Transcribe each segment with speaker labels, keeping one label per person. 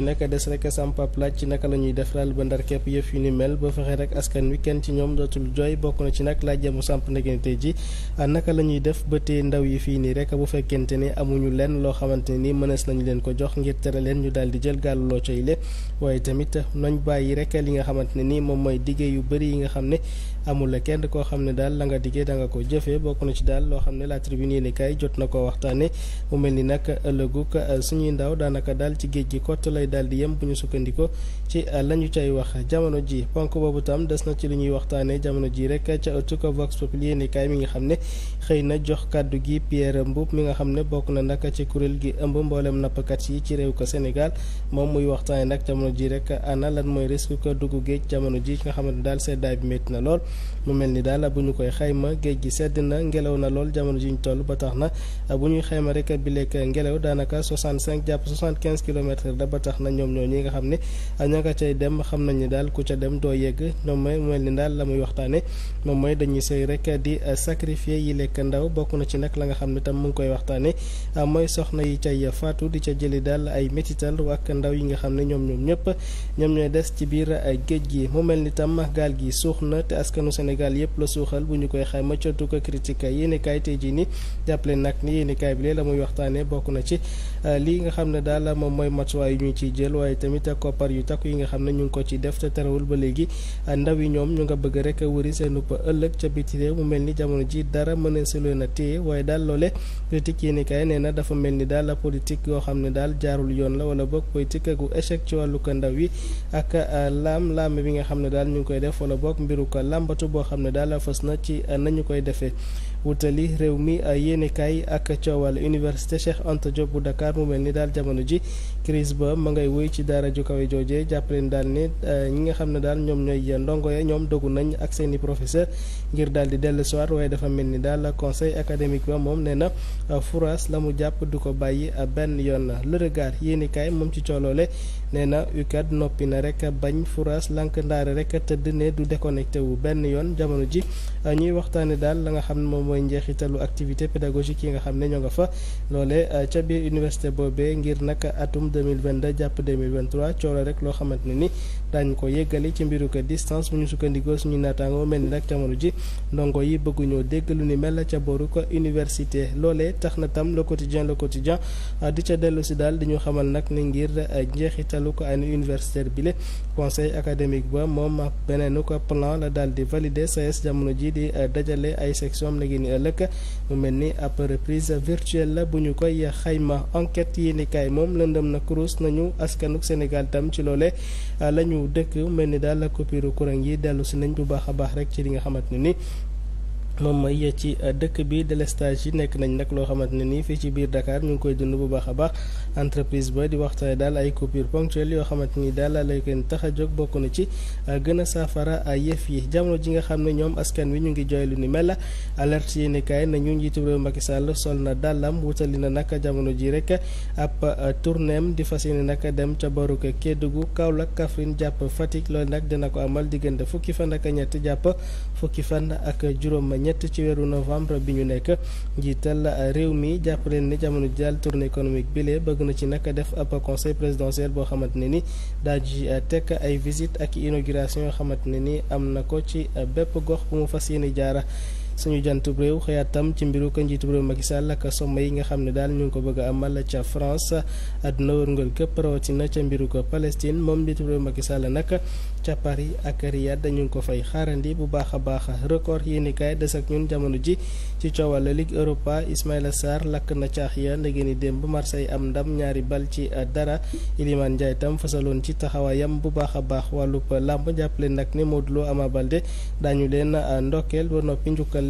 Speaker 1: ñu naka des rek sam pap laaj ci naka la ñuy def daal ba ndar képp yëf yu ni mel ba fexe rek askan wi kenn ci ñoom dootul jooy bokk na ci nag laaj jamu samp ndegeen tey ji ah, naka la ñuy def ba tey ndaw yi fii nii rek bu fekkente ni amuñu lenn loo xamante ni mënees nañu leen ko jox ngir tere leen ñu daal di jël gàllu loo coy le waaye tamit nañ bàyyi rek li nga xamante ne nii moom mooy digge yu bëri yi nga xam ne amul la kenn koo xam ne daal la nga diggee da nga ko jëfee bokk na ci daal loo xam ne la tribune yéeni kaay jot na ko waxtaane mu mel ni nag ëllëguk ah, suñuy ndaw daanaka daal ci géej gi kott lay daal di yem bu ñu sukkandiku ci euh, la ñu cay wax jamono ji ponk boobu tam des na ci li ñuy waxtaanee jamono ji rek ca ëttuka Vox Populi yéenekaay mi nga xam ne xëy na jox kàddu gi Pierre Mboup mi nga xam ne bokk na nag ci kuréel gi ëmb mboolem nappkat yi ci réew ko Sénégal moom muy waxtaanee nag jamono ji rek ana lan mooy risque ko dugg géej jamono ji nga xamante ne daal seddaay bi métti na lool mu mel ni daal bu ñu koy xayma géej gi sedd na ngelaw na lool jamono ji ñu toll ba tax na bu ñuy xayma rek bi lekk ngelaw daanaka 65 jàpp 75 kilomètres la ba tax na ñoom ñoo ñi nga xam ne ña nga cay dem xam nañu daal ku ca dem doo yegg ñoom mooy mel ni daal la muy waxtaane moom mooy dañuy sëy rek di sacrifier yi lekk ndaw bokk na ci nag la nga xam ne tam mu ngi koy waxtaane mooy soxna yi cay faatu di ca jëli daal ay métital ak ndaw yi nga xam ne ñoom ñoom ñëpp ñoom ñooy des ci biir géej gi mu mel ni tam gaal gi suux na te askanu Sénégal yëpp la suuxal bu ñu koy xayma ca du ko critique yéeni kaay tey jii ni jàppale nag ni yéeni la muy waxtaane bokk na ci lii nga xam ne daal moom mooy matuwaay yu ñuy ci jël waaye tamit koppar yu takk yi nga xam ne ñu ngi ko ci def ca terewul ba léegi ndaw yi ñoom ñu nga bëgg rek wëri seenu pa ëllëg ca biti mu mel ni jamono ji dara mën a silo na téye waaye daal loole critique yéeni kaay nee na dafa mel ni daal la politique yoo xam ne daal jaarul yoon la wala bokk politique gu échec ci wàllu ko ndaw yi ak euh, laam laam bi nga xam ne daal ñu ngi koy def wala boog mbiru ko làmbatu boo xam ne daal fës na ci euh, nañu koy defee wutali réew mi yéenekaay ak coowal université Cheikh Anta Diop bu Dakar mu mel ni daal jamono ji crise ba ma ngay wéy ci daara ju kawe jooje jàpp leen daal ne eh, ñi nga xam ne daal ñoom ñooy ndongo ya ñoom dogu nañ ak seeni professeur ngir daal di dellu soir waaye dafa mel ni daal conseil académique ba moom ne na eh, furaas la mu jàpp du ko bàyyi benn yoon na le regard yéenekaay moom ci cooloole nee na UCAD noppi na rek bañ furaas lank ndaare rek tëdd ne du déconnecté wu benn yoon jamono ji eh, mooy njeexitalu activité pédagogique yi nga xam ne ñoo nga fa loole euh, ca biir université boobee ngir nag atum 2022 jàpp 2023 coono rek loo xamante ne ni daañu ko yeggale ci mbiru ko distance bu ñu sukkandikoo suñu naataangoo mel ni nag jamono ji ndongo yi bëgguñoo dégg lu ni mel ca boru ko université loole tax na tam le quotidien le quotidien ah, di ca dellu si daal di ñu xamal nag ni ngir ah, njeexitalu ko année universitaire bi le conseil académique ba moom beneenu ko plan la daal di valider SAES jamono ji di ah, dajale ay section léegi ni ëllëg mu mel ni ab reprise virtuelle la bu ñu koy xayma enquête yi ni kaay moom lëndëm na cruise nañu askanuk Sénégal tam ci loole suñu dëkk mel ni daal coupure kuran yi dellu si nañ bu baax a baax rek ci li nga xamante ne ni moom mooy ci euh, dëkk bi délestage yi nekk nañ nag loo xamante ne nii fii ci biir Dakar ñu ngi koy dund bu baax a baax entreprise ba di waxtaanee daal ay coupure ponctuelle yoo xamante ni daal lay koy tax a jóg bokk na ci euh, gën a saafara yëf yi jamono ji nga xam ne ñoom askan wi ñu ngi jooy ni mel alerte yi ne kaay nañu njiitu réew Macky Sall sol na dàllam wutali na nag jamono ji rek ab euh, tournéem di fas yéene nag dem ca baruk gu Kaolack kafrin jàpp Fatick loolu nag dina ko amal diggante fukki fan ak ñett jàpp fukki fan ak juróom-ñett. ñett ci weeru novembre bi ñu nekk njiital euh, réew mi jàpp leen ni jamono jàll tournée économique bi bëgg na ci naka def ab conseil présidentiel boo xamante ne ni daa ji euh, tekk ay visite ak inauguration yoo xamante ne ni am na ko ci euh, bépp gox bu mu fas yéene jaara suñu jantub réew xëyaatam ci mbiru ko njiitu réew Macky Sall ak sommet yi nga xam ne daal ñu ngi ko bëgg a amal ca France àdduna wërngal képp rawatina ca mbiru ko Palestine moom njiitu réew Macky Sall nag ca Paris ak Riyad ñu ko fay xaarandi bu baax a baax record yi ni kaay des ak ñun jamono ji ci coowal Ligue Europa Ismaïla Sarr lakk na caax ya ndege ni démb Marseille am ndam ñaari bal ci dara Iliman Ndiaye tam fasaloon ci taxawaayam bu baax a baax wàllub làmb jàppale nag ne Modou Lo Ama Baldé daañu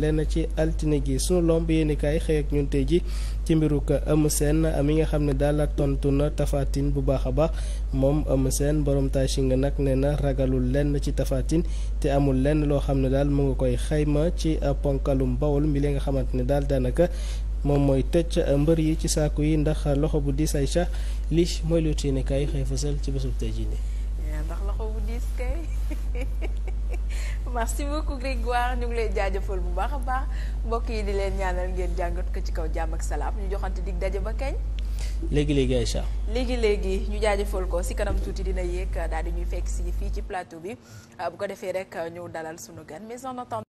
Speaker 1: lenn ci altine gi sunu lomb yéen kaay xëy ak ñun tey ji ci mbiru ko Eumeu Sène mi nga xam ne daal tontu na tafaatin bu baax a baax moom Eumeu Sène borom nga nag ne na ragalul lenn ci tafaatin te amul lenn loo xam ne daal mu nga koy xayma ci ponkalum bawol mi li nga xamante ne daal daanaka. moom mooy tëcc mbër yi ci saaku yi ndax loxo bu di say ca li mooy lu tiine kaay xëy fësal ci bésub tey jii nii merci beaucoup Grégoire ñu ngi lay jaajëfal bu baax a baax mbokk yi di leen ñaanal ngeen jàngat ko ci kaw jàmm ak salaam ñu joxante dig daje ba kañ. léegi léegi Aïcha. léegi léegi ñu jaajëfal ko si kanam tuuti dina yéeg daal di ñuy fekk si fii ci plateau bi ah, bu ko defee rek ñu dalal suñu gan mais en attendant.